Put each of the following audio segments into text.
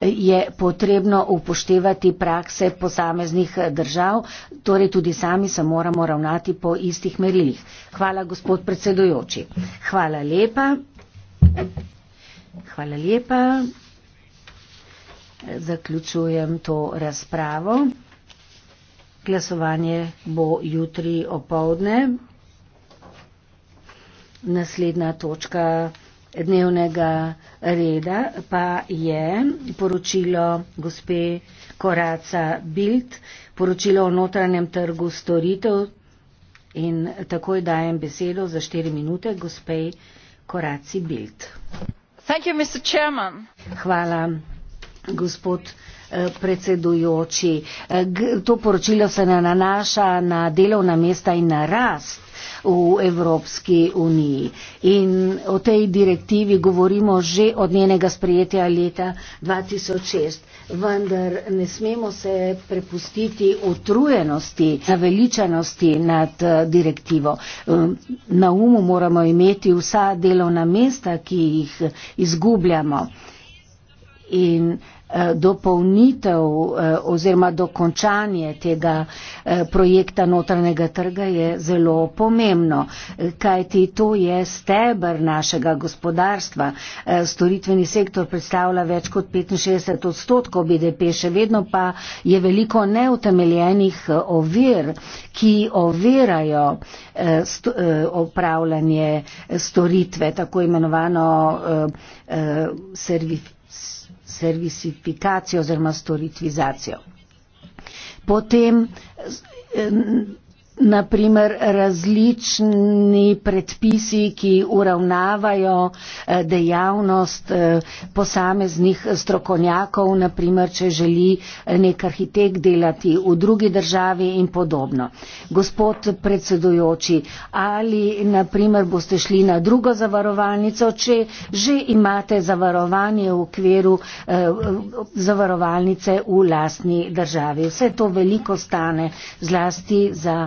je potrebno upoštevati prakse posameznih držav, torej tudi sami se moramo ravnati po istih merilih. Hvala, gospod predsedujoči. Hvala lepa. Hvala lepa. Zaključujem to razpravo. Glasovanje bo jutri opovdne. Naslednja točka dnevnega reda pa je poročilo gospe Koraca Bild, poročilo o notranjem trgu storitev in takoj dajem besedo za štiri minute gospe Koraci Bild. Hvala, gospod eh, predsedujoči. Eh, to poročilo se ne nanaša na delovna mesta in na rast v Evropski uniji. In o tej direktivi govorimo že od njenega sprejetja leta 2006. Vendar ne smemo se prepustiti utrujenosti, naveličanosti nad eh, direktivo. Ehm, na umu moramo imeti vsa delovna mesta, ki jih eh, izgubljamo. In Eh, dopolnitev eh, oziroma dokončanje tega eh, projekta notranjega trga je zelo pomembno, kajti to je stebr našega gospodarstva. Storitveni sektor predstavlja več kot 65 odstotkov BDP, še vedno pa je veliko neutemeljenih ovir, ki ovirajo opravljanje storitve, tako imenovano servis servisifikacijo oziroma storitvizacijo. Potem eh, naprimer različni predpisi, ki uravnavajo eh, dejavnost eh, posameznih strokovnjakov, naprimer, če želi eh, nek arhitekt delati v drugi državi in podobno. Gospod predsedujoči, ali naprimer boste šli na drugo zavarovalnico, če že imate zavarovanje v okviru zavarovalnice v lastni državi. Vse to veliko stane zlasti za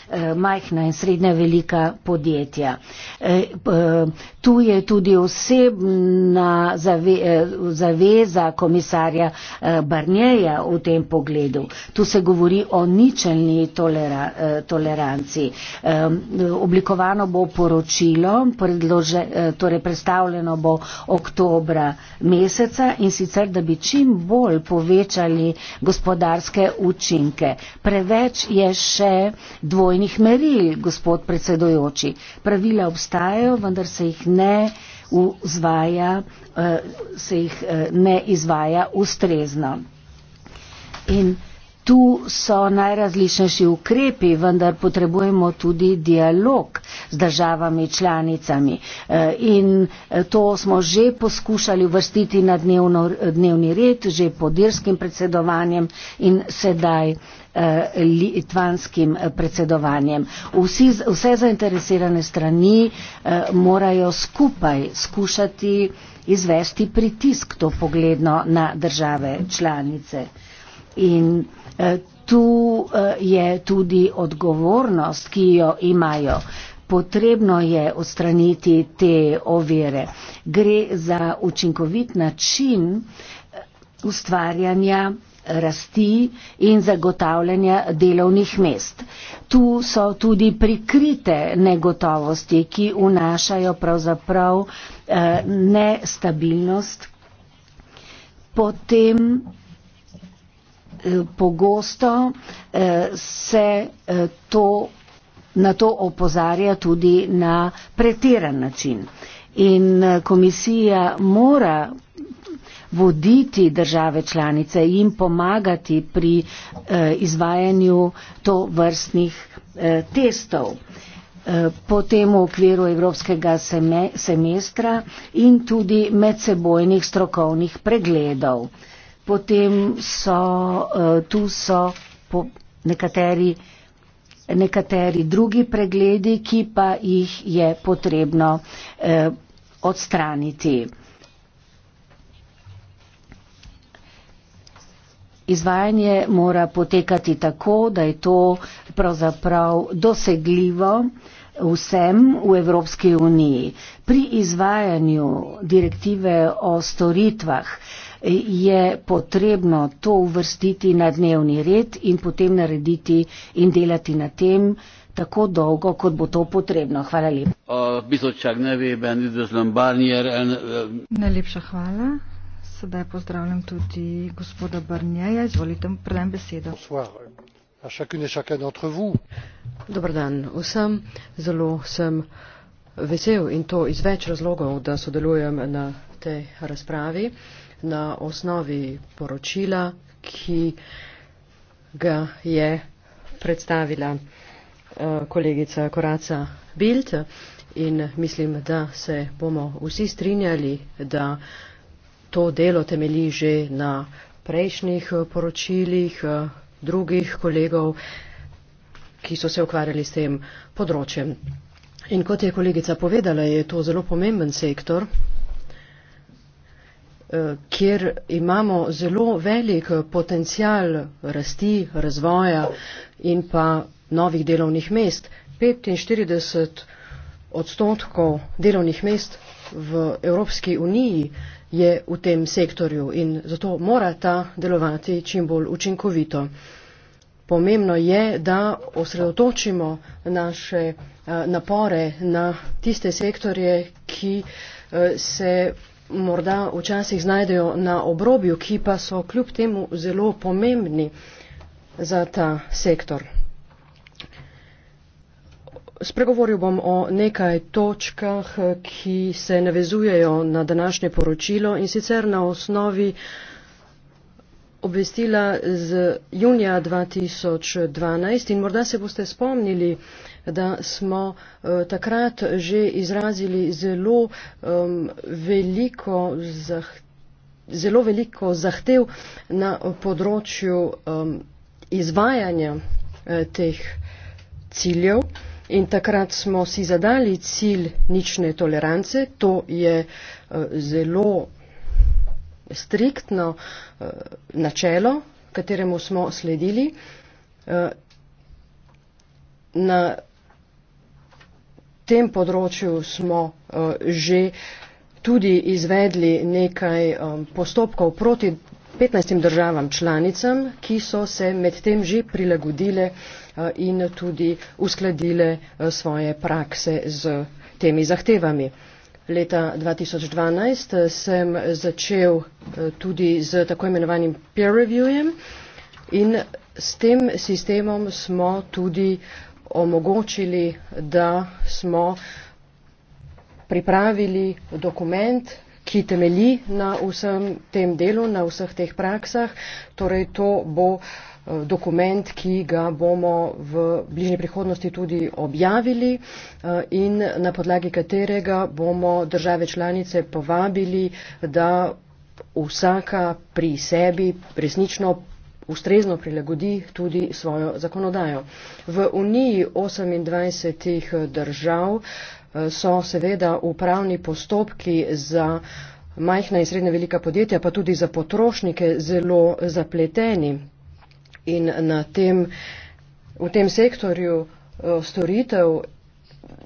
Eh, majhna in srednja velika podjetja. Eh, eh, tu je tudi osebna zave, zaveza komisarja Barnjeja v tem pogledu. Tu se govori o ničelni tolera, toleranci. Oblikovano bo poročilo, predlože, torej predstavljeno bo oktobra meseca in sicer, da bi čim bolj povečali gospodarske učinke. Preveč je še dvojnega nobenih meril, gospod predsedojoči. Pravila obstajajo, vendar se jih ne uzvaja, eh, se jih eh, ne izvaja ustrezno. In tu so najrazličnejši ukrepi, vendar potrebujemo tudi dialog z državami članicami. E, in e, to smo že poskušali vrstiti na dnevno, dnevni red, že pod irskim predsedovanjem in sedaj e, litvanskim predsedovanjem. Vsi, vse zainteresirane strani morajo skupaj skušati izvesti pritisk to pogledno na države članice. In E, tu e, je tudi odgovornost, ki jo imajo. Potrebno je odstraniti te ovire. Gre za učinkovit način e, ustvarjanja rasti in zagotavljanja delovnih mest. Tu so tudi prikrite negotovosti, ki unašajo pravzaprav eh, nestabilnost. Potem Eh, pogosto eh, se eh, to, na to opozarja tudi na pretiran način. In komisija mora voditi države članice in pomagati pri izvajanju to vrstnih testov. Potem v okviru evropskega semestra in tudi medsebojnih strokovnih pregledov potem so eh, tu so po nekateri, nekateri drugi pregledi, ki pa jih je potrebno eh, odstraniti. Izvajanje mora potekati tako, da je to pravzaprav dosegljivo vsem v Evropski uniji. Pri izvajanju direktive o storitvah eh, je potrebno to uvrstiti na dnevni red in potem narediti in delati na tem tako dolgo, kot bo to potrebno. Hvala lepa. Najlepša hvala. Sedaj pozdravljam tudi gospoda Brnjeja. Izvolite, predam besedo. Dobro dan vsem. Zelo sem vesel in to iz več razlogov, da sodelujem na tej razpravi. Uh, na osnovi poročila, ki ga je predstavila eh, kolegica Koraca Bild in mislim, da se bomo vsi strinjali, da to delo temelji že na prejšnjih eh, poročilih eh, drugih kolegov, ki so se ukvarjali s tem področjem. In kot je kolegica povedala, je to zelo pomemben sektor, Eh, kjer imamo zelo velik eh, potencial rasti, razvoja in pa novih delovnih mest. 45 odstotkov delovnih mest v Evropski uniji je v tem sektorju in zato mora ta delovati čim bolj učinkovito. Pomembno je, da osredotočimo naše eh, napore na tiste sektorje, ki se morda včasih znajdejo na obrobju, ki pa so kljub temu zelo pomembni za ta sektor. Spregovoril bom o nekaj točkah, ki se navezujejo na današnje poročilo in sicer na osnovi obvestila z junija 2012 in morda se boste spomnili, da smo eh, takrat že izrazili zelo um, veliko zahtev zelo veliko zahtev na področju um, izvajanja eh, teh ciljev. In takrat smo si zadali cilj nične tolerance. To je eh, zelo striktno eh, načelo, kateremu smo sledili. Eh, na tem področju smo eh, že tudi izvedli nekaj eh, postopkov proti 15 državam članicam, ki so se med tem že prilagodile eh, in tudi uskladile svoje prakse z temi zahtevami. Leta 2012 sem začel tudi z tako imenovanim peer reviewjem in s tem sistemom smo tudi uh, omogočili, da smo pripravili dokument, ki temelji na vsem tem delu, na vseh teh praksah. Torej, to bo eh, dokument, ki ga bomo v bližnji prihodnosti tudi objavili eh, in na podlagi katerega bomo države članice povabili, da vsaka pri sebi resnično ustrezno prilagodi tudi svojo zakonodajo. V Uniji 28 držav eh, so seveda upravni postopki za majhna in srednja velika podjetja, pa tudi za potrošnike zelo zapleteni. In na tem, v tem sektorju eh, storitev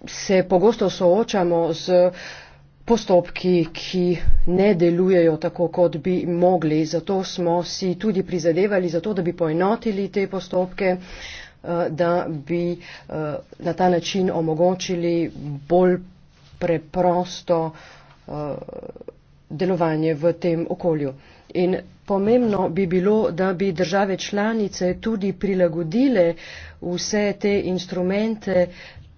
se pogosto soočamo z postopki, ki ne delujejo tako, kot bi mogli. Zato smo si tudi prizadevali za to, da bi poenotili te postopke, eh, da bi eh, na ta način omogočili bolj preprosto eh, delovanje v tem okolju. In pomembno bi bilo, da bi države članice tudi prilagodile vse te instrumente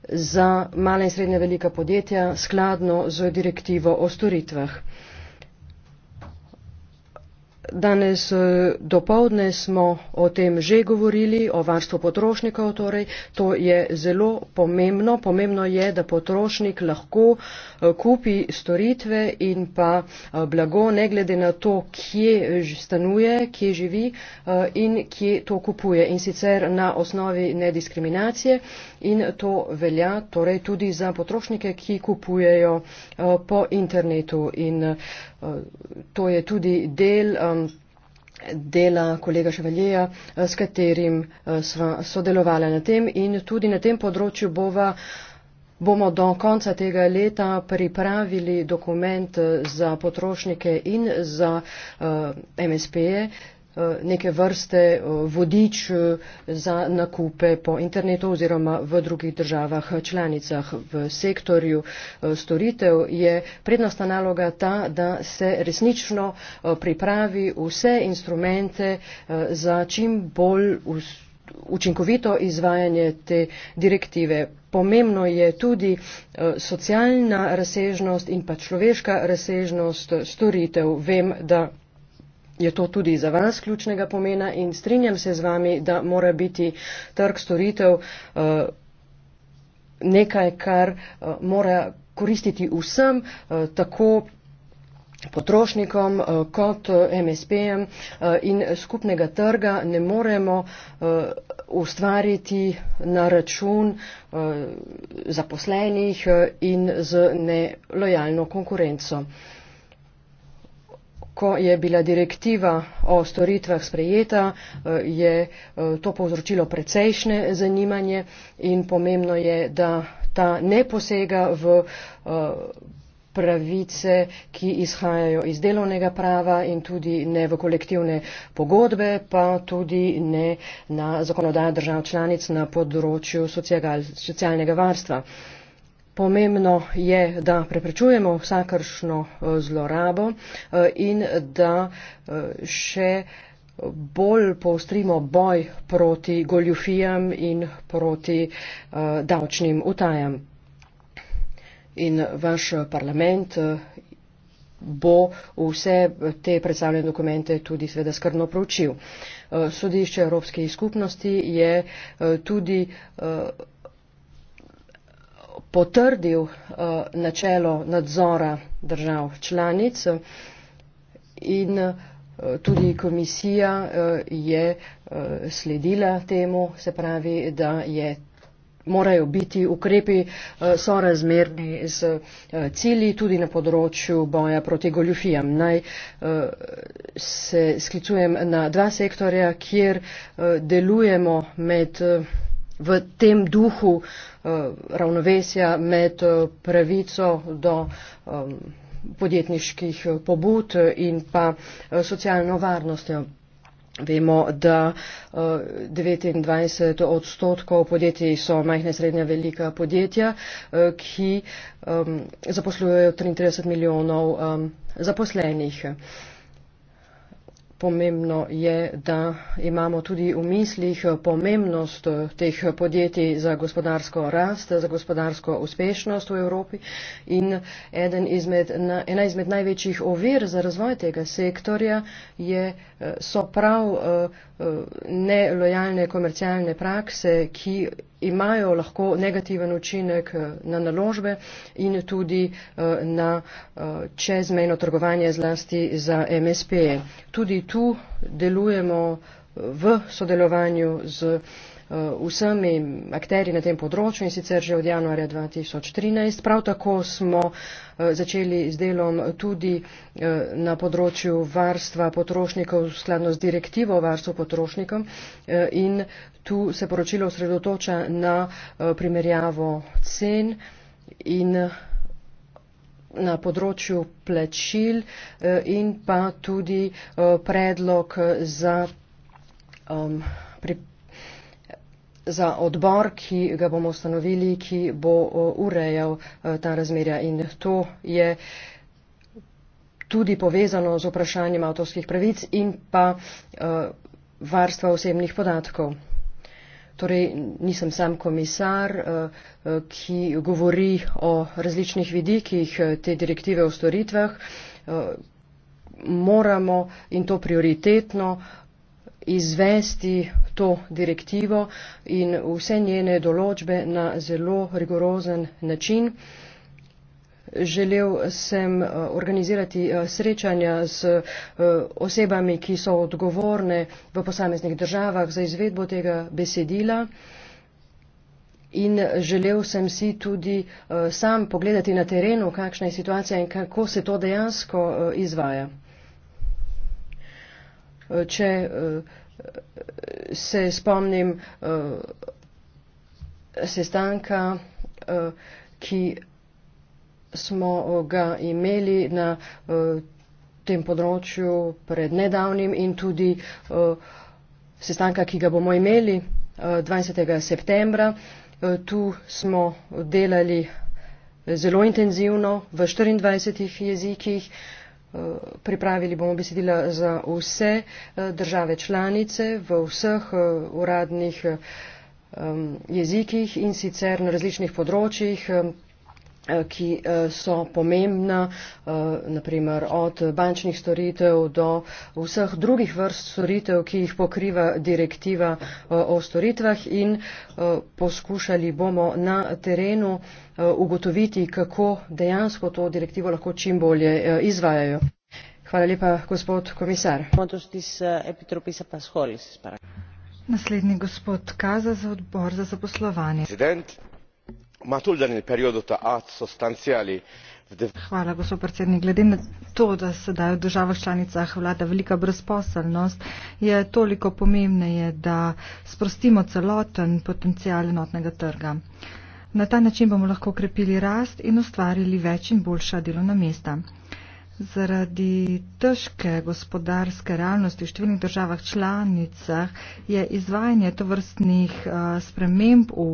za mala in srednja velika podjetja skladno z direktivo o storitvah danes eh, dopoldne smo o tem že govorili o varstvu potrošnikov torej to je zelo pomembno pomembno je da potrošnik lahko eh, kupi storitve in pa eh, blago ne glede na to kje stanuje kje živi in kje to kupuje in sicer na osnovi nediskriminacije in to velja torej tudi za potrošnike ki kupujejo po internetu in to je tudi del um, Um, dela kolega Ševaljeja, eh, s katerim eh, sva sodelovala na tem in tudi na tem področju bova, bomo do konca tega leta pripravili dokument eh, za potrošnike in za uh, MSP-je, uh, neke vrste eh, vodič eh, za nakupe po internetu oziroma v drugih državah eh, članicah v sektorju storitev, je prednostna naloga ta, da se resnično pripravi vse instrumente za čim bolj učinkovito izvajanje te direktive. Pomembno je tudi socialna razsežnost in pa človeška razsežnost storitev. Vem, da je to tudi za vas ključnega pomena in strinjam se z vami, da mora biti trg storitev eh, nekaj, kar eh, mora koristiti vsem, eh, tako potrošnikom kot MSP-jem in skupnega trga ne moremo ustvariti na račun zaposlenih in z nelojalno konkurenco ko je bila direktiva o storitvah sprejeta, eh, je eh, to povzročilo precejšnje zanimanje in pomembno je, da ta ne posega v eh, pravice, ki izhajajo iz delovnega prava in tudi ne v kolektivne pogodbe, pa tudi ne na zakonodajo držav članic na področju socialnega varstva. Pomembno je, da preprečujemo vsakršno eh, zlorabo eh, in da eh, še bolj poostrimo boj proti goljufijam in proti davčnim utajam. In vaš parlament bo vse te predstavljene dokumente tudi sveda skrbno proučil. Sodišče Evropske skupnosti je tudi potrdil eh, načelo nadzora držav članic eh, in eh, tudi komisija je sledila temu, se pravi, da je morajo biti ukrepi sorazmerni z cilji tudi na področju boja proti goljufijam. Naj se sklicujem na dva sektorja, kjer delujemo med v tem duhu eh, ravnovesja med eh, pravico do eh, podjetniških pobud in pa socialno varnostjo. Vemo, da 29 odstotkov podjetij so majhne, srednja, velika podjetja, ki zaposlujejo 33 milijonov zaposlenih pomembno je, da imamo tudi v mislih pomembnost teh podjetij za gospodarsko rast, za gospodarsko uspešnost v Evropi in eden izmed, ena izmed največjih ovir za razvoj tega sektorja je, eh, so prav eh, eh, nelojalne komercialne prakse, ki imajo lahko negativen učinek eh, na naložbe in tudi eh, na eh, čezmejno trgovanje zlasti za MSP. -je. Tudi tu delujemo v sodelovanju z Eh, vsemi akteri na tem področju in sicer že od januarja 2013. Prav tako smo eh, začeli z delom tudi eh, na področju varstva potrošnikov skladno z direktivo o varstvu potrošnikov in tu se poročilo osredotoča na primerjavo cen in na področju plačil in pa tudi predlog za pri za odbor, ki ga bomo ustanovili, ki bo urejal e, ta razmerja. In to je tudi povezano z vprašanjem avtorskih pravic in pa e, varstva osebnih podatkov. Torej, nisem sam komisar, e, ki govori o različnih vidikih te direktive o storitvah. Moramo in to prioritetno izvesti to direktivo in vse njene določbe na zelo rigorozen način. Želel sem eh, organizirati eh, srečanja s eh, osebami, ki so odgovorne v posameznih državah za izvedbo tega besedila. In želel sem si tudi sam pogledati na terenu, kakšna je situacija in kako se to dejansko izvaja. Eh, če eh, se spomnim eh, sestanka, ki smo ga imeli na tem področju pred nedavnim in tudi sestanka, ki ga bomo imeli 20. septembra. Tu smo delali zelo intenzivno v 24 jezikih. Pripravili bomo besedila za vse eh, države članice v vseh eh, uradnih eh, um, jezikih in sicer na različnih področjih, Eh, ki eh, so pomembna, eh, naprimer od bančnih storitev do vseh drugih vrst storitev, ki jih pokriva direktiva o storitvah in poskušali bomo na terenu ugotoviti, kako dejansko to direktivo lahko čim bolje izvajajo. Hvala lepa, gospod komisar. Naslednji gospod Kaza za odbor za zaposlovanje. Predsednik, glede na to da sedaj v državah članicah vlada velika brezposelnost je toliko pomembneje da sprostimo celoten potencial enotnega trga. Na ta način bomo lahko okrepili rast in ustvarili več in boljša delovna mesta. Zaradi težke gospodarske realnosti v številnih državah članicah je izvajanje tovrstnih eh, sprememb v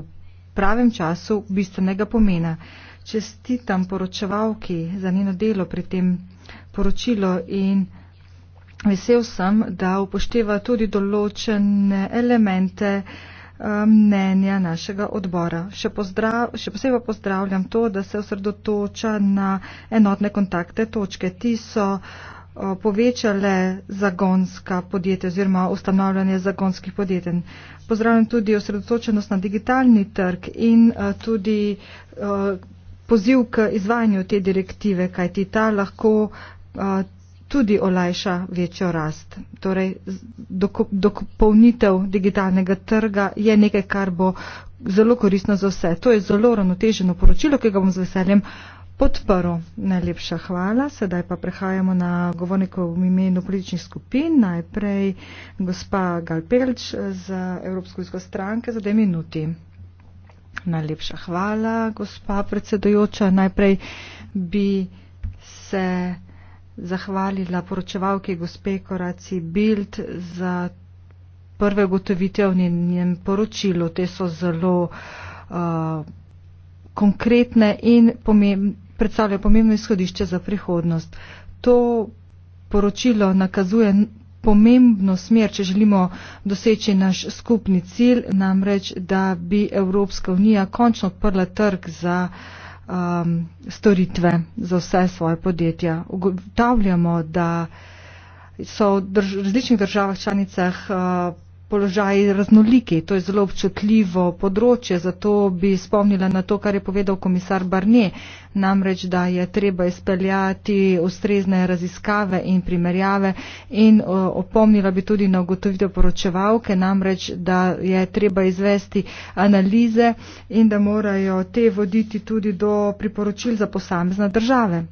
pravem času bistvenega pomena. Čestitam poročevalki za njeno delo pri tem poročilo in vesel sem, da upošteva tudi določene elemente eh, mnenja našega odbora. Še, pozdrav, še posebej pozdravljam to, da se osredotoča na enotne kontakte točke. Ti so uh, Eh, povečale zagonska podjetja oziroma ustanavljanje zagonskih podjetij. Pozdravljam tudi osredotočenost na digitalni trg in eh, tudi eh, poziv k izvajanju te direktive, kaj ti ta lahko tudi olajša večjo rast. Torej, dopolnitev digitalnega trga je nekaj, kar bo zelo koristno za vse. To je zelo ravnoteženo poročilo, ki ga bom z veseljem uh, podporo. Najlepša hvala. Sedaj pa prehajamo na govornike v imenu političnih skupin. Najprej gospa Galpelč z Evropsko izko stranke za dve minuti. Najlepša hvala, gospa predsedojoča. Najprej bi se zahvalila poročevalki gospe Koraci Bild za prve gotovitev v njenem poročilu. Te so zelo uh, konkretne in pomemb predstavljajo pomembno izhodišče za prihodnost. To poročilo nakazuje pomembno smer, če želimo doseči naš skupni cilj, namreč, da bi Evropska unija končno odprla trg za um, storitve za vse svoje podjetja. Ugotavljamo, da so v drž različnih državah članicah uh, položaji raznoliki. To je zelo občutljivo področje, zato bi spomnila na to, kar je povedal komisar Barnier, namreč, da je treba izpeljati ustrezne raziskave in primerjave in opomnila bi tudi na ugotovitev poročevalke, namreč, da je treba izvesti analize in da morajo te voditi tudi do priporočil za posamezne države.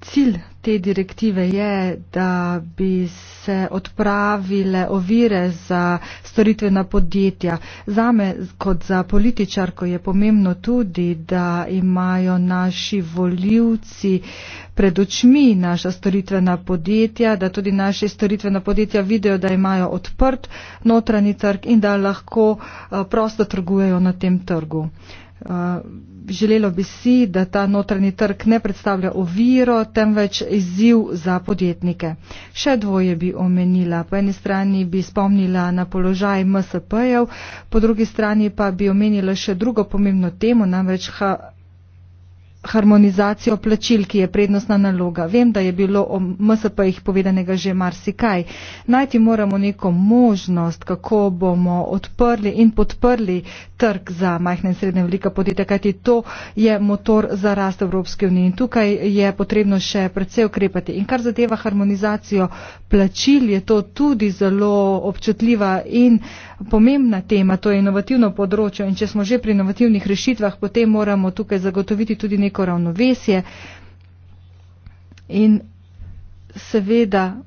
cilj te direktive je, da bi se odpravile ovire za storitvena podjetja. Zame, kot za političarko, je pomembno tudi, da imajo naši voljivci pred očmi naša storitvena podjetja, da tudi naše storitvena podjetja vidijo, da imajo odprt notranji trg in da lahko eh, prosto trgujejo na tem trgu. Uh, Eh, želelo bi si, da ta notranji trg ne predstavlja oviro, temveč izziv za podjetnike. Še dvoje bi omenila. Po eni strani bi spomnila na položaj MSP-jev, po drugi strani pa bi omenila še drugo pomembno temo, namreč harmonizacijo plačil, ki je prednostna naloga. Vem, da je bilo o MSP-jih povedanega že marsikaj. Najti moramo neko možnost, kako bomo odprli in podprli trg za majhne in srednje velika podjetja, kajti to je motor za rast Evropske unije. In tukaj je potrebno še predvsej ukrepati. In kar zadeva harmonizacijo plačil, je to tudi zelo občutljiva in uh, pomembna tema, to je inovativno področje in če smo že pri inovativnih rešitvah, potem moramo tukaj zagotoviti tudi neko ravnovesje in seveda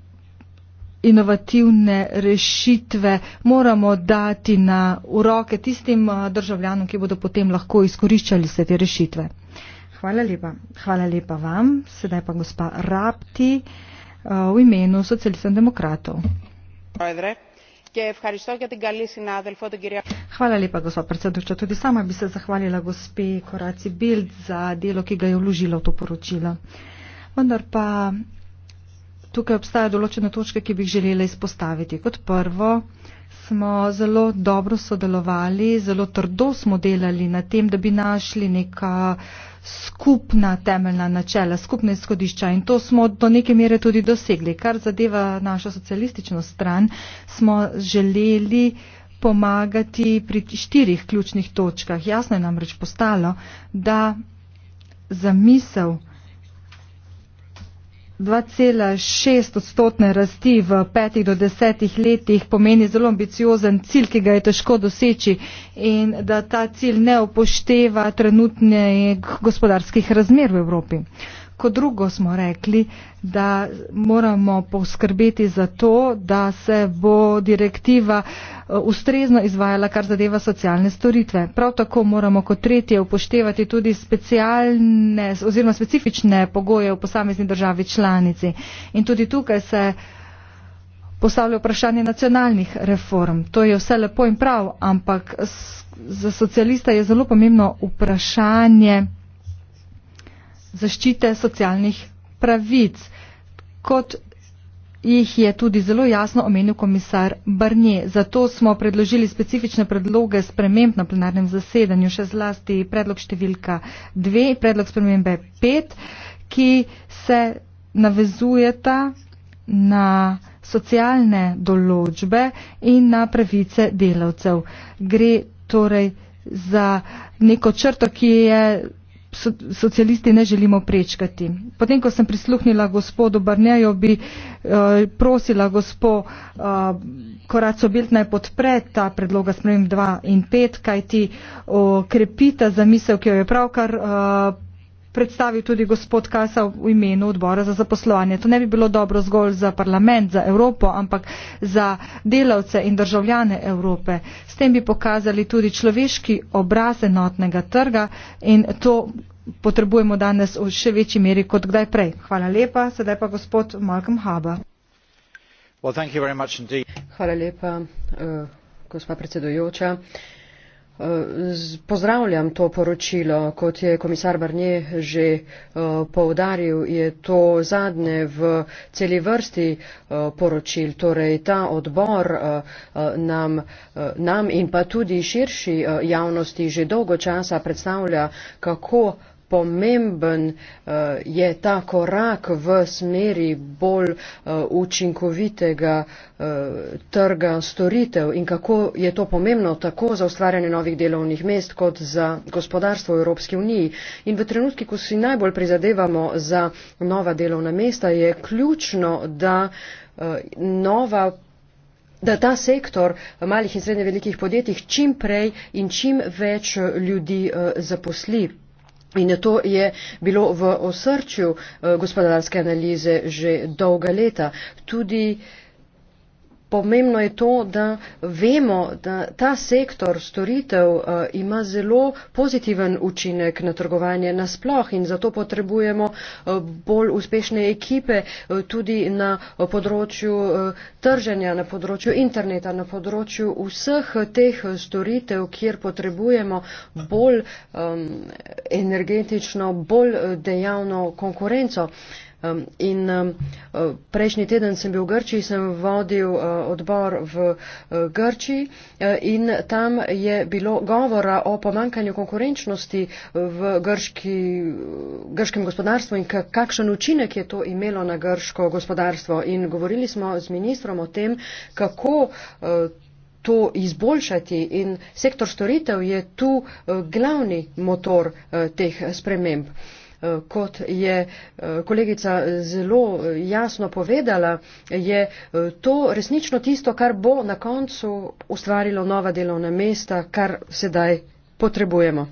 inovativne rešitve moramo dati na uroke tistim eh, državljanom, ki bodo potem lahko izkoriščali se te rešitve. Hvala lepa. Hvala lepa vam. Sedaj pa gospa Rapti eh, v imenu socialistov demokratov. Hvala lepa tudi sama bi se zahvalila gospe Koraci Bild za delo, ki ga je vložila v to poročilo. Vendar pa tukaj obstajajo določene točke, ki bi jih želela izpostaviti. Kot prvo, smo zelo dobro sodelovali, zelo trdo smo delali na tem, da bi našli neka skupna temeljna načela, skupne izhodišča in to smo do neke mere tudi dosegli. Kar zadeva našo socialistično stran, smo želeli pomagati pri štirih ključnih točkah. Jasno je namreč postalo, da zamisel, 2,6 odstotne rasti v petih do desetih letih pomeni zelo ambiciozen cilj, ki ga je težko doseči in da ta cilj ne upošteva trenutnih gospodarskih razmer v Evropi. Uh, Ko drugo smo rekli, da moramo poskrbeti za to, da se bo direktiva eh, ustrezno izvajala, kar zadeva socialne storitve. Prav tako moramo kot tretje upoštevati tudi specialne oziroma specifične pogoje v posamezni državi članici. In tudi tukaj se postavlja vprašanje nacionalnih reform. To je vse lepo in prav, ampak za socialista je zelo pomembno vprašanje, zaščite socialnih pravic, kot jih je tudi zelo jasno omenil komisar Barnier. Zato smo predložili specifične predloge sprememb na plenarnem zasedanju, še zlasti predlog številka 2, predlog spremembe 5, ki se navezujeta na socialne določbe in na pravice delavcev. Gre torej za neko črto, ki je so, socialisti ne želimo prečkati. Potem, ko sem prisluhnila gospodu Barnejo, bi eh, prosila gospo eh, Koraco Bilt naj podpre ta predloga sprememb 2 in 5, kaj ti krepita zamisel, ki jo je pravkar. Eh, predstavil tudi gospod Kasa v imenu odbora za zaposlovanje. To ne bi bilo dobro zgolj za parlament, za Evropo, ampak za delavce in državljane Evrope. S tem bi pokazali tudi človeški obraz enotnega trga in to potrebujemo danes v še večji meri kot kdaj prej. Hvala lepa, sedaj pa gospod Malcolm Haba. Well, Hvala lepa, uh, gospa predsedujoča. Uh, Pozdravljam to poročilo, kot je komisar Barnje že eh, poudaril, je to zadnje v celi vrsti eh, poročil. Torej, ta odbor eh, nam, nam in pa tudi širši javnosti že dolgo časa predstavlja, kako pomemben uh, je ta korak v smeri bolj uh, učinkovitega uh, trga storitev in kako je to pomembno tako za ustvarjanje novih delovnih mest kot za gospodarstvo v Evropski uniji. In v trenutki, ko si najbolj prizadevamo za nova delovna mesta, je ključno, da uh, nova da ta sektor malih in srednje velikih podjetij čim prej in čim več ljudi zaposli. In to je bilo v osrčju eh, gospodarske analize že dolga leta. Tudi uh, Pomembno je to, da vemo, da ta sektor storitev uh, ima zelo pozitiven učinek na trgovanje nasploh in zato potrebujemo uh, bolj uspešne ekipe uh, tudi na področju uh, trženja, na področju interneta, na področju vseh teh storitev, kjer potrebujemo bolj um, energetično, bolj dejavno konkurenco. Uh, In e, prejšnji teden sem bil v Grčiji, sem vodil e, odbor v e, Grčiji in tam je bilo govora o pomankanju konkurenčnosti v grški, grškem gospodarstvu in kakšen učinek je to imelo na grško gospodarstvo. In govorili smo z ministrom o tem, kako to izboljšati in sektor storitev je tu glavni motor teh sprememb. Eh, kot je eh, kolegica zelo eh, jasno povedala, je to resnično tisto, kar bo na koncu ustvarilo nova delovna mesta, kar sedaj potrebujemo.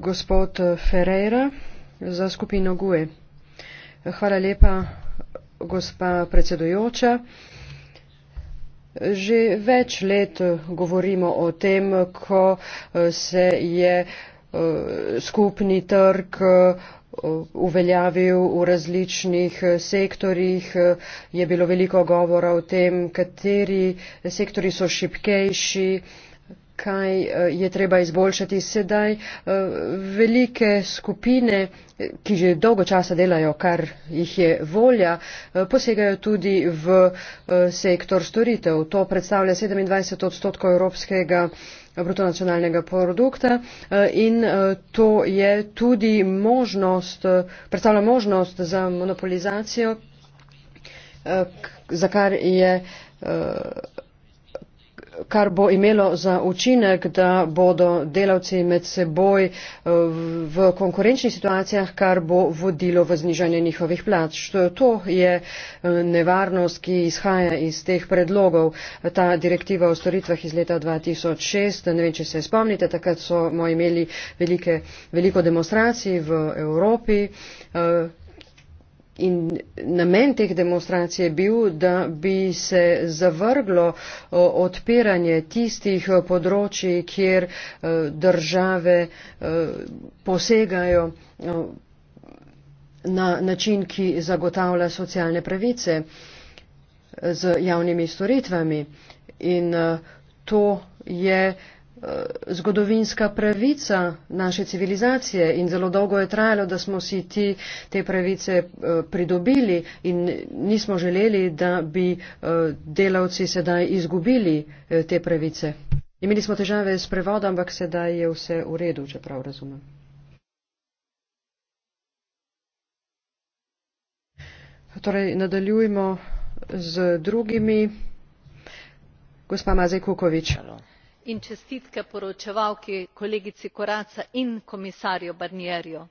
Gospod Ferreira za skupino GUE. Hvala lepa, gospa predsedujoča. Že več let govorimo o tem, ko se je Eh, skupni trg eh, uveljavil v različnih eh, sektorjih. Je bilo veliko govora o tem, kateri sektori so šipkejši, kaj je treba izboljšati sedaj. Velike skupine, ki že dolgo časa delajo, kar jih je volja, posegajo tudi v sektor storitev. To predstavlja 27 odstotkov evropskega bruto nacionalnega produkta eh, in eh, to je tudi možnost, eh, predstavlja možnost za monopolizacijo, za kar je kar bo imelo za učinek, da bodo delavci med seboj eh, v konkurenčnih situacijah, kar bo vodilo v znižanje njihovih plač. To je eh, nevarnost, ki izhaja iz teh predlogov. Ta direktiva o storitvah iz leta 2006, ne vem, če se spomnite, takrat smo imeli velike, veliko demonstracij v Evropi. Eh, In namen teh demonstracij je bil, da bi se zavrglo odpiranje tistih področji, kjer države posegajo na način, ki zagotavlja socialne pravice z javnimi storitvami. In to je. Eh, zgodovinska pravica naše civilizacije in zelo dolgo je trajalo, da smo si ti, te pravice eh, pridobili in nismo želeli, da bi eh, delavci sedaj izgubili te pravice. Imeli smo težave s prevodom, ampak sedaj je vse v redu, če prav razumem. Torej, nadaljujmo z drugimi. Gospa Mazej Kukovič. Hello in čestitke poročevalki kolegici corazza in komisarju barnierju.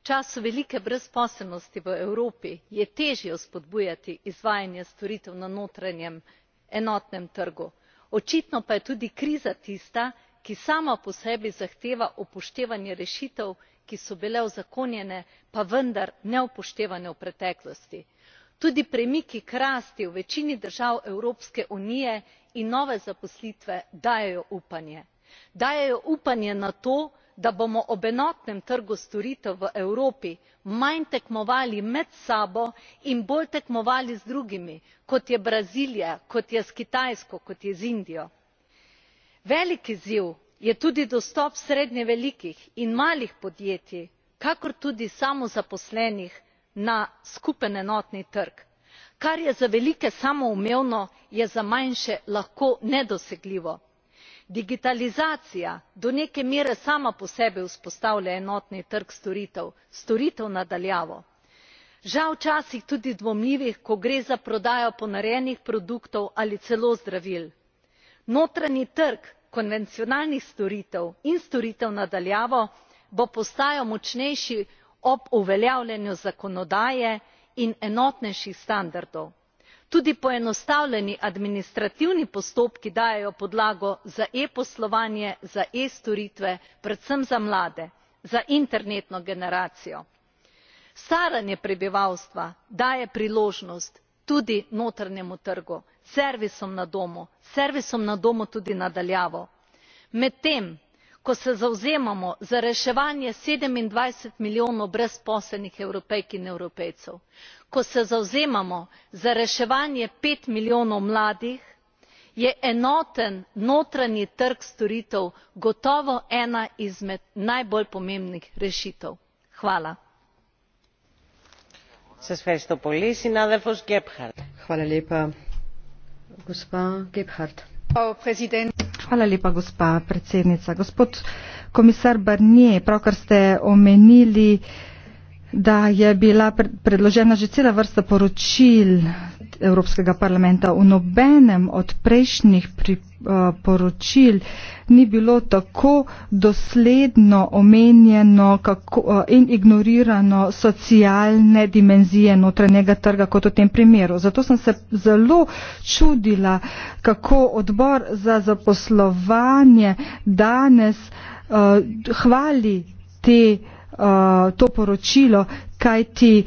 v času velike brezposelnosti v evropi je težje spodbujati izvajanje storitev na notranjem enotnem trgu očitno pa je tudi kriza tista ki sama po sebi zahteva upoštevanje rešitev ki so bile uzakonjene pa vendar ne upoštevane v preteklosti tudi premiki k rasti v večini držav evropske unije in nove zaposlitve dajejo upanje dajejo upanje na to da bomo ob enotnem trgu storitev v evropi manj tekmovali med sabo in bolj tekmovali z drugimi kot je brazilija kot je s kitajsko kot je z indijo. velik izziv je tudi dostop srednje velikih in malih podjetij kakor tudi samozaposlenih na skupen enotni trg kar je za velike samoumevno je za manjše lahko nedosegljivo. digitalizacija do neke mere sama po sebi vzpostavlja enotni trg storitev storitev na daljavo žal včasih tudi dvomljivih ko gre za prodajo ponarejenih produktov ali celo zdravil. notranji trg konvencionalnih storitev in storitev na daljavo bo postajal močnejši ob uveljavljanju zakonodaje in enotnejših standardov. tudi poenostavljeni administrativni postopki dajejo podlago za e poslovanje za e storitve predvsem za mlade za internetno generacijo. staranje prebivalstva daje priložnost tudi notranjemu trgu servisom na domu servisom na domu tudi na daljavo. medtem ko se zavzemamo za reševanje sedemindvajset milijonov brezposelnih evropejk in evropejcev ko se zavzemamo za reševanje pet milijonov mladih je enoten notranji trg storitev gotovo ena izmed najbolj pomembnih rešitev gospod komisar barnier pravkar ste omenili da je treba spremeniti načelo dvojnosti da je bila predložena že cela vrsta poročil Evropskega parlamenta. V nobenem od prejšnjih eh, poročil ni bilo tako dosledno omenjeno eh, in ignorirano socialne dimenzije notranjega trga kot v tem primeru. Zato sem se zelo čudila, kako odbor za zaposlovanje danes eh, hvali te uh, to poročilo, kajti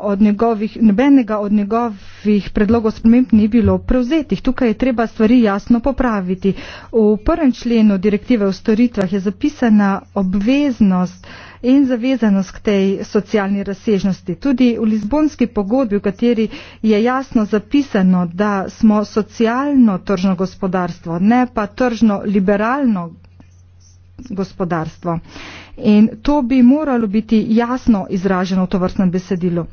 od njegovih, nobenega od njegovih predlogov sprememb ni bilo prevzetih. Tukaj je treba stvari jasno popraviti. V prvem členu direktive o storitvah je zapisana obveznost in zavezanost k tej socialni razsežnosti. Tudi v Lizbonski pogodbi, v kateri je jasno zapisano, da smo socialno tržno gospodarstvo, ne pa tržno liberalno gospodarstvo. Uh, In to bi moralo biti jasno izraženo v tovrstnem besedilu.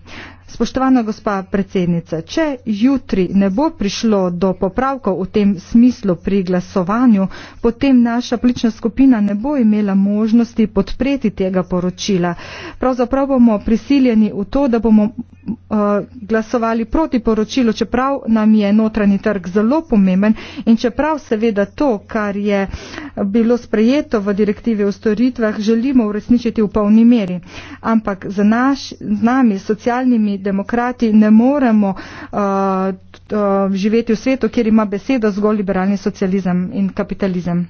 Spoštovana gospa predsednica, če jutri ne bo prišlo do popravkov v tem smislu pri glasovanju, potem naša politična skupina ne bo imela možnosti podpreti tega poročila. Pravzaprav bomo prisiljeni v to, da bomo uh, glasovali proti poročilu, čeprav nam je notranji trg zelo pomemben in čeprav seveda to, kar je bilo sprejeto v direktive o storitvah, želi želimo uresničiti v polni meri. Ampak z, naš, z nami, socialnimi demokrati, ne moremo uh, uh, živeti v svetu, kjer ima besedo zgolj liberalni socializem in kapitalizem.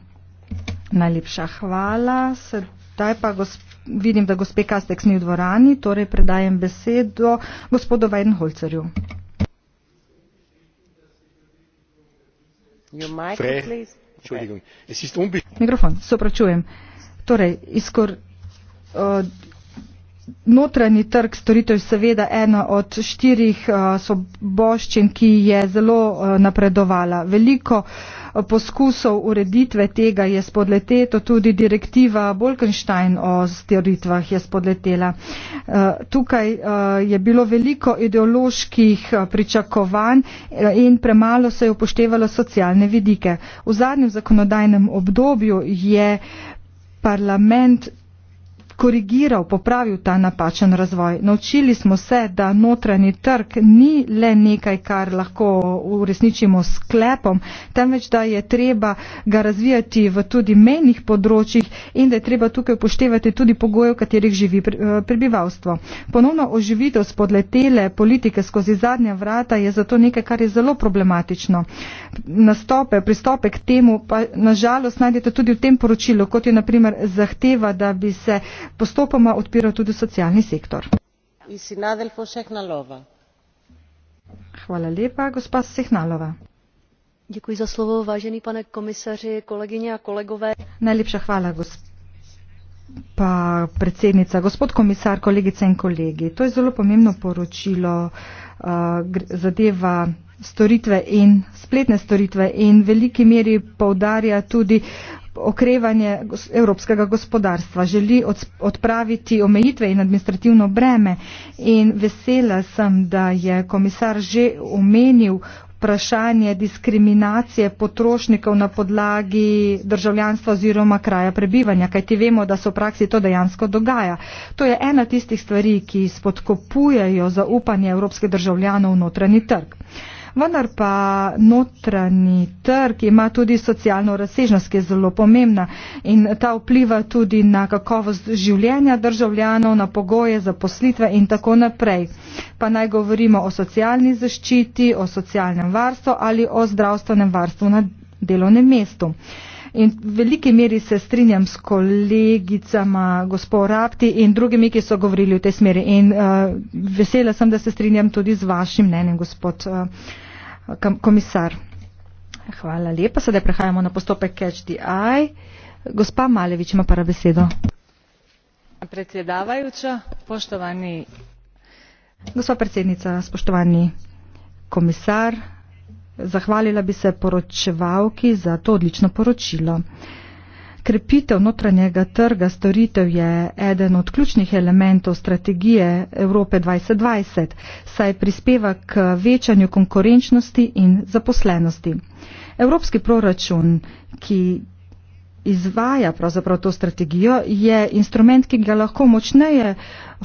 Najlepša hvala. Sedaj pa vidim, da gospe Kastek ni v dvorani, torej predajem besedo gospodu Weidenholzerju. Mikrofon, se opravičujem. Torej, izkor, uh, notranji trg storitev je seveda ena od štirih uh, eh, soboščin, ki je zelo uh, napredovala. Veliko poskusov ureditve tega je spodleteto, tudi direktiva Bolkenstein o storitvah je spodletela. Tukaj je bilo veliko ideoloških pričakovanj in premalo se je upoštevalo socialne vidike. V zadnjem zakonodajnem obdobju je uh, parlament korigiral, popravil ta napačen razvoj. Naučili smo se, da notranji trg ni le nekaj, kar lahko uresničimo s klepom, temveč da je treba ga razvijati v tudi menjih področjih in da je treba tukaj upoštevati tudi pogoje, v katerih živi eh, prebivalstvo. Ponovno oživitev spodletele politike skozi zadnja vrata je zato nekaj, kar je zelo problematično. Nastope, pristope k temu pa nažalost najdete tudi v tem poročilu, kot je naprimer zahteva, da bi se postopoma odpira tudi socialni sektor. Hvala lepa, gospa Sehnalova. Děkuji za slovo, vážený pane komisaři, kolegyně a kolegové. Najlepša hvala, gospa predsednica. Gospod komisar, kolegice in kolegi, to je zelo pomembno poročilo uh, zadeva storitve in spletne storitve in v veliki meri poudarja tudi uh, okrevanje evropskega gospodarstva, želi odpraviti omejitve in administrativno breme in vesela sem, da je komisar že omenil vprašanje diskriminacije potrošnikov na podlagi državljanstva oziroma kraja prebivanja, kajti vemo, da se v praksi to dejansko dogaja. To je ena tistih stvari, ki spodkopujejo zaupanje evropskih državljanov v notranji trg vendar pa notranji trg ima tudi socialno razsežnost, ki je zelo pomembna in ta vpliva tudi na kakovost življenja državljanov, na pogoje za poslitve in tako naprej. Pa naj govorimo o socialni zaščiti, o socialnem varstvu ali o zdravstvenem varstvu na delovnem mestu. In v veliki meri se strinjam s kolegicama, gospod Rapti in drugimi, ki so govorili v tej smeri. In uh, vesela sem, da se strinjam tudi z vašim mnenjem, gospod uh, komisar. Hvala lepa. Sedaj prehajamo na postopek Catch the Eye. Gospa Malevič ima para besedo. Predsedavajuča, poštovani. Gospa predsednica, spoštovani komisar, zahvalila bi se poročevalki za to odlično poročilo. Uh, Krepitev notranjega trga storitev je eden od ključnih elementov strategije Evrope 2020, saj prispeva k večanju konkurenčnosti in zaposlenosti. Evropski proračun, ki izvaja pravzaprav to strategijo, je instrument, ki ga lahko močneje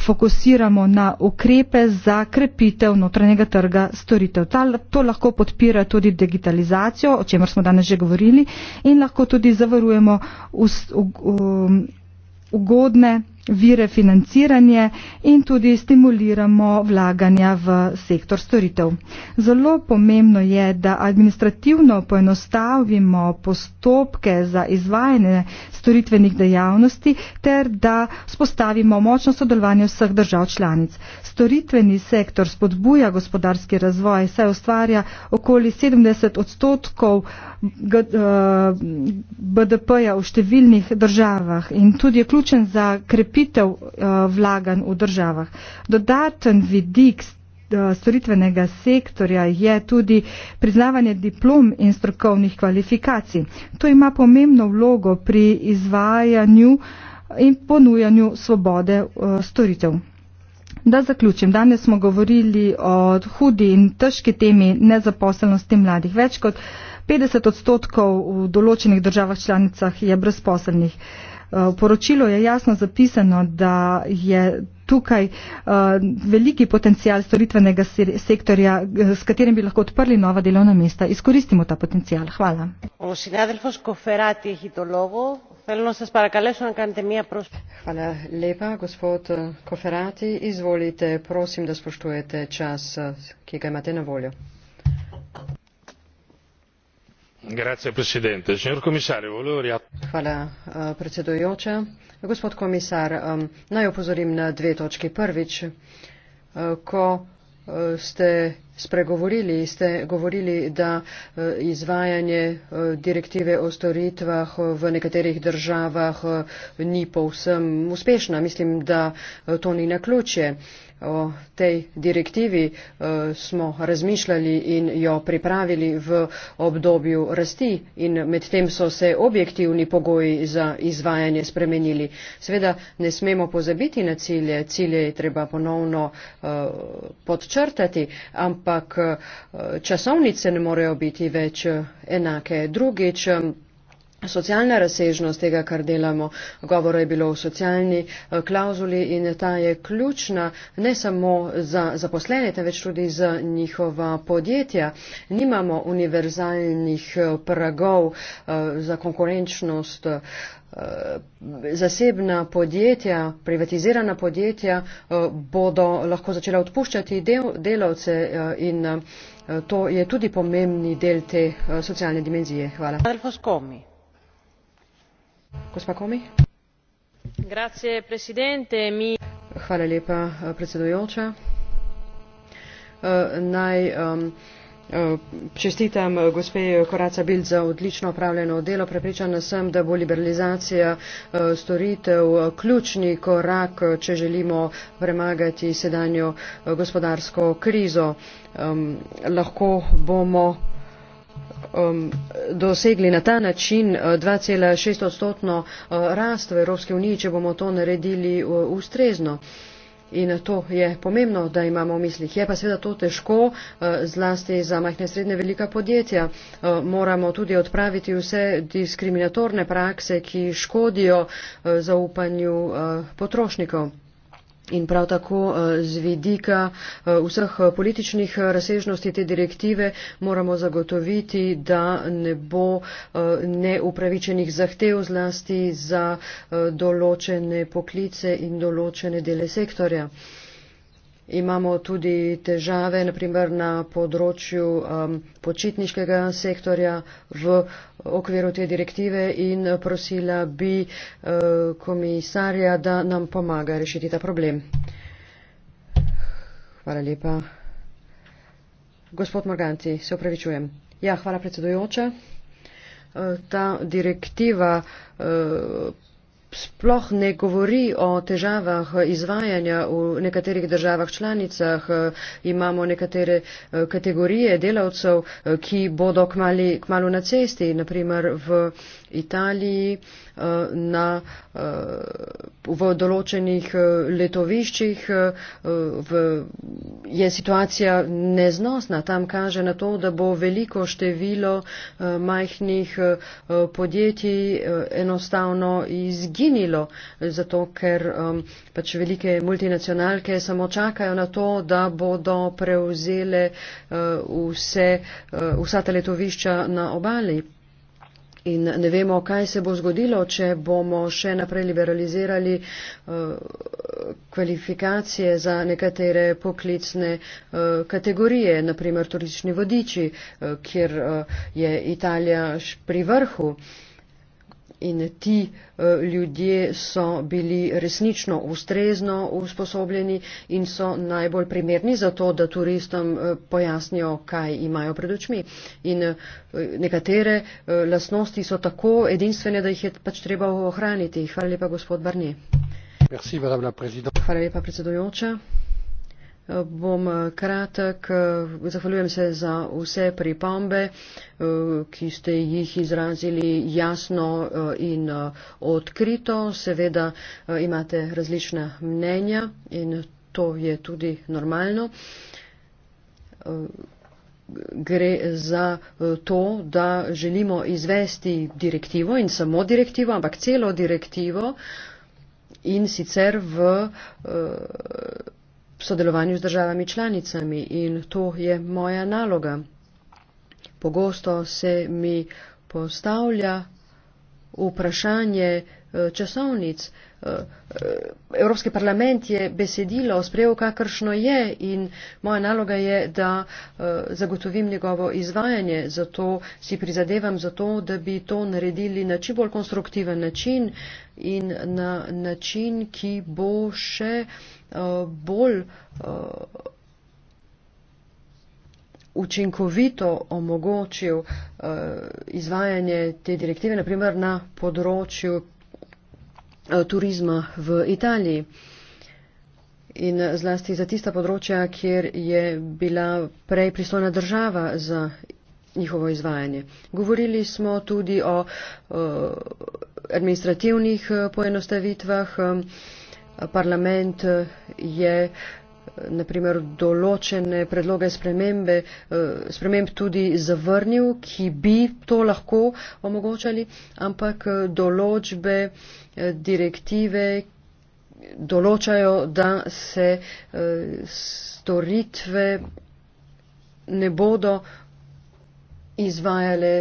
fokusiramo na ukrepe za krepitev notranjega trga storitev. Ta, to lahko podpira tudi digitalizacijo, o čemer smo danes že govorili, in lahko tudi zavarujemo us, u, u, ugodne vire financiranje in tudi stimuliramo vlaganja v sektor storitev. Zelo pomembno je, da administrativno poenostavimo postopke za izvajanje storitvenih dejavnosti ter da spostavimo močno sodelovanje vseh držav članic. Storitveni sektor spodbuja gospodarski razvoj, saj ustvarja okoli 70 odstotkov Eh, BDP-ja v številnih državah in tudi je ključen za krepitev eh, vlagan v državah. Dodaten vidik eh, storitvenega sektorja je tudi priznavanje diplom in strokovnih kvalifikacij. To ima pomembno vlogo pri izvajanju in ponujanju svobode storitev. Da zaključim, danes smo govorili o hudi in težki temi nezaposlenosti mladih. Več kot 50 odstotkov v določenih državah članicah je brezposelnih. Eh, v poročilu je jasno zapisano, da je tukaj eh, veliki potencial storitvenega sektorja, eh, s katerim bi lahko odprli nova delovna mesta. Izkoristimo ta potencial. Hvala. Hvala lepa, gospod Koferati. Izvolite, prosim, da spoštujete čas, ki ga imate na voljo. Eh, gospod komisar naj opozorim na dve točki. prvič eh, ko eh, ste izrazili mnenje da bi bilo treba spremeniti direktivo o varnosti cestnega prometa spregovorili. Ste govorili, da e, izvajanje e, direktive o storitvah e, v nekaterih državah ni povsem uspešna. Mislim, da to ni na ključje. O tej direktivi smo razmišljali in jo pripravili v obdobju rasti in medtem so se objektivni pogoji za izvajanje spremenili. Sveda ne smemo pozabiti na cilje, cilje je treba ponovno podčrtati, ampak ampak eh, časovnice ne morejo biti več eh, enake. Drugič, eh, socialna razsežnost tega, kar delamo. Govora je bilo o socialni eh, klauzuli in ta je ključna ne samo za zaposlene, temveč tudi za njihova podjetja. Nimamo univerzalnih eh, pragov eh, za konkurenčnost. Zasebna podjetja, privatizirana podjetja bodo lahko začela odpuščati del, delavce in to je tudi pomembni del te socialne dimenzije. Hvala. Eh, eh, naj eh, čestitam gospe corazza bildt za odlično opravljeno delo prepričana sem da bo liberalizacija storitev ključni korak če želimo premagati sedanjo gospodarsko krizo lahko bomo um, dosegli na ta način 2,6 uh, odstotno uh, rast v Evropski uniji, če bomo to naredili uh, ustrezno. In to je pomembno, da imamo v mislih. Je pa seveda to težko, zlasti za majhne srednje velika podjetja. Moramo tudi odpraviti vse diskriminatorne prakse, ki škodijo zaupanju potrošnikov. In prav tako eh, z vidika eh, vseh eh, političnih razsežnosti te direktive moramo zagotoviti, da ne bo neupravičenih zahtev zlasti za določene poklice in določene dele sektorja. Imamo tudi težave, naprimer na področju um, počitniškega sektorja v okviru te direktive in prosila bi uh, komisarja, da nam pomaga rešiti ta problem. Hvala lepa. Gospod Morganti, se upravičujem. Ja, hvala predsedujoča. Uh, ta direktiva. Uh, sploh ne govori o težavah izvajanja v nekaterih državah članicah. Imamo nekatere eh, kategorije delavcev, eh, ki bodo kmali, kmalo na cesti, naprimer v uh, Italiji eh, na, eh, v določenih eh, letoviščih v, je situacija neznosna. Tam kaže na to, da bo veliko število majhnih podjetij enostavno izginilo, zato ker pač velike multinacionalke samo čakajo na to, da bodo prevzele vse, vsa ta letovišča na obali. In ne vemo, kaj se bo zgodilo, če bomo še naprej liberalizirali eh, kvalifikacije za nekatere poklicne eh, kategorije, naprimer turistični vodiči, eh, kjer je Italija pri vrhu in ti eh, ljudje so bili resnično ustrezno usposobljeni in so najbolj primerni za to, da turistom eh, pojasnijo, kaj imajo pred očmi. In eh, nekatere lasnosti so tako edinstvene, da jih je pač treba ohraniti. Hvala lepa, gospod Barni. Hvala lepa, predsedujoča. Bom eh, kratek, eh, zahvaljujem se za vse pripombe, eh, ki ste jih izrazili jasno in odkrito. Seveda imate različna mnenja in to je tudi normalno. Gre za to, da želimo izvesti direktivo in samo direktivo, ampak celo direktivo in sicer v sodelovanju z državami članicami in to je moja naloga. Pogosto se mi postavlja vprašanje eh, časovnic. Eh, eh, Evropski parlament je besedilo sprejel, kakršno je in moja naloga je, da zagotovim njegovo izvajanje. Zato si prizadevam za to, da bi to naredili na čim bolj konstruktiven način in na način, ki bo še bolj učinkovito omogočil eh, izvajanje te direktive, naprimer na področju eh, turizma v Italiji in eh, zlasti za tista področja, kjer je bila prej pristojna država za njihovo izvajanje. Govorili smo tudi o administrativnih poenostavitvah. Parlament je uh, naprimer določene predloge spremembe, eh, sprememb tudi zavrnil, ki bi to lahko omogočali, ampak eh, določbe eh, direktive določajo, da se storitve ne bodo izvajale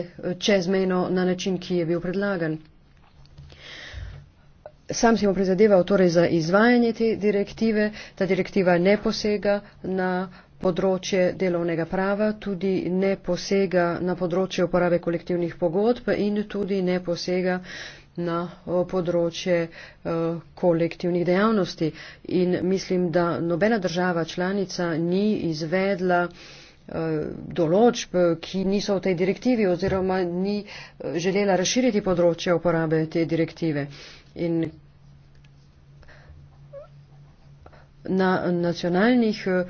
čezmejno na način, ki je bil predlagan. Sam si bom prizadeval torej za izvajanje te direktive. Ta direktiva ne posega na področje delovnega prava, tudi ne posega na področje uporabe kolektivnih pogodb in tudi ne posega na področje kolektivnih dejavnosti. In mislim, da nobena država članica ni izvedla določb, ki niso v tej direktivi oziroma ni želela razširiti področje uporabe te direktive in na nacionalnih eh,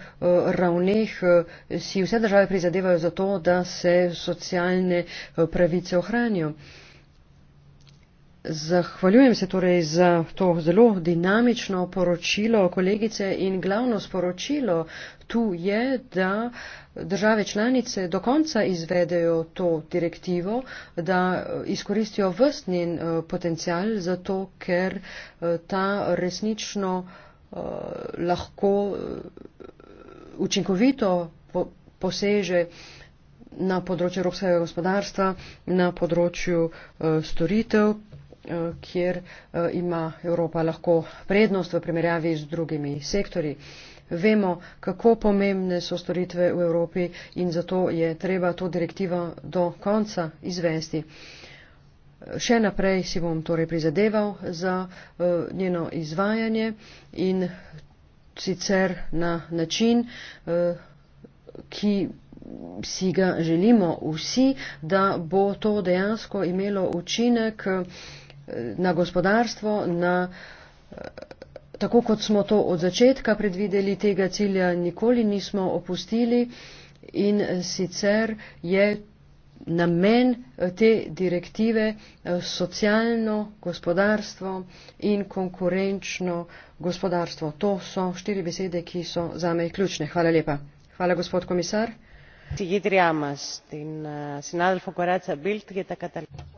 ravneh eh, si vse države prizadevajo za to, da se socialne eh, pravice ohranijo. Zahvaljujem se torej za to zelo dinamično poročilo kolegice in glavno sporočilo tu je, da države članice do konca izvedejo to direktivo, da izkoristijo vrstnin eh, potencial zato, ker eh, ta resnično eh, lahko učinkovito poseže na področju evropskega gospodarstva, na področju storitev, kjer eh, ima Evropa lahko prednost v primerjavi z drugimi sektorji. Vemo, kako pomembne so storitve v Evropi in zato je treba to direktivo do konca izvesti. Še naprej si bom torej prizadeval za eh, njeno izvajanje in sicer na način, eh, ki si ga želimo vsi, da bo to dejansko imelo učinek na gospodarstvo, na, eh, tako kot smo to od začetka predvideli, tega cilja nikoli nismo opustili in eh, sicer je namen eh, te direktive socialno gospodarstvo in konkurenčno gospodarstvo. To so štiri besede, ki so za me ključne. Hvala lepa. Hvala, gospod komisar. Sigidriamas in uh, Sinadolfo Koraca Bilt je ta katalog.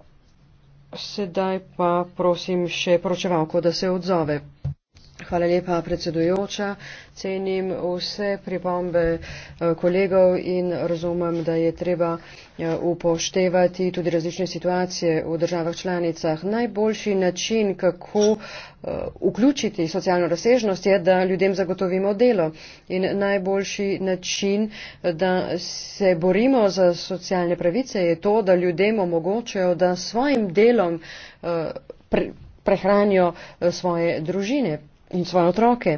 Sedaj pa prosim še poročevalko, da se odzove. Hvala lepa, predsedujoča. Cenim vse pripombe eh, kolegov in razumem, da je treba eh, upoštevati tudi različne situacije v državah članicah. Najboljši način, kako eh, vključiti socialno razsežnost, je, da ljudem zagotovimo delo. In najboljši način, da se borimo za socialne pravice, je to, da ljudem omogočajo, da svojim delom prehranijo svoje družine in svoje otroke.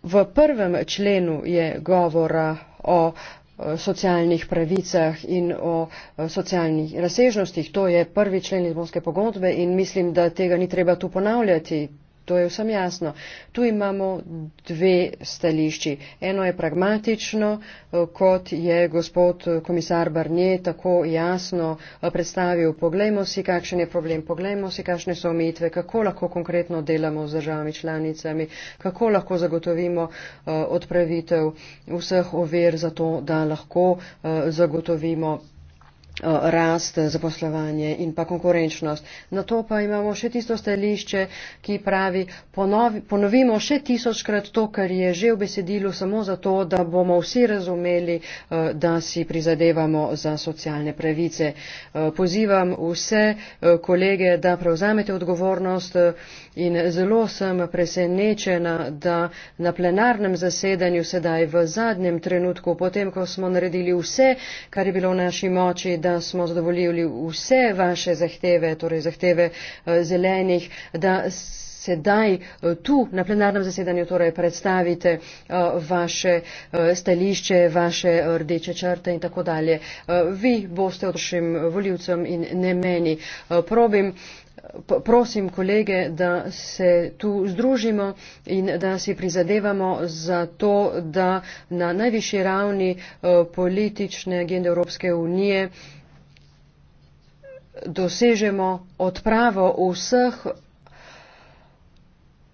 V prvem členu je govora o socialnih pravicah in o socialnih razsežnostih. To je prvi člen Lizbonske pogodbe in mislim, da tega ni treba tu ponavljati. To je vsem jasno. Tu imamo dve stališči. Eno je pragmatično, eh, kot je gospod eh, komisar Barnier tako jasno eh, predstavil. Poglejmo si, kakšen je problem, poglejmo si, kakšne so omitve, kako lahko konkretno delamo z državami članicami, kako lahko zagotovimo odpravitev vseh ovir za to, da lahko zagotovimo Eh, rast, zaposlovanje in pa konkurenčnost. Na to pa imamo še tisto stališče, ki pravi, ponovi, ponovimo še tisočkrat to, kar je že v besedilu, samo zato, da bomo vsi razumeli, eh, da si prizadevamo za socialne pravice. Eh, pozivam vse kolege, da prevzamete odgovornost in zelo sem presenečena, da na plenarnem zasedanju sedaj v zadnjem trenutku, potem, ko smo naredili vse, kar je bilo v naši moči, da smo zadovoljili vse vaše zahteve, torej zahteve eh, zelenih, da sedaj eh, tu na plenarnem zasedanju torej predstavite eh, vaše stališče, vaše rdeče črte in tako dalje. Vi boste odšim voljivcem in ne meni. Probim. Prosim kolege, da se tu združimo in da si prizadevamo za to, da na najvišji ravni politične agende Evropske unije dosežemo odpravo vseh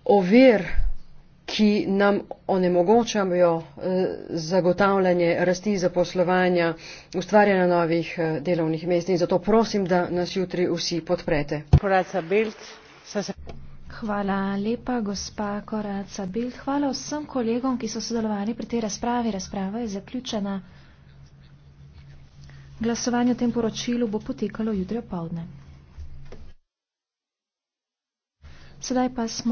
ovir, ki nam onemogočajo eh, zagotavljanje rasti zaposlovanja, ustvarjanja novih eh, delovnih mest. In zato prosim, da nas jutri vsi podprete. Hvala lepa, gospa Koraca Bild. Hvala vsem kolegom, ki so sodelovali pri tej razpravi. Razprava je zaključena. Glasovanje o tem poročilu bo potekalo jutri opoldne. Sedaj pa smo.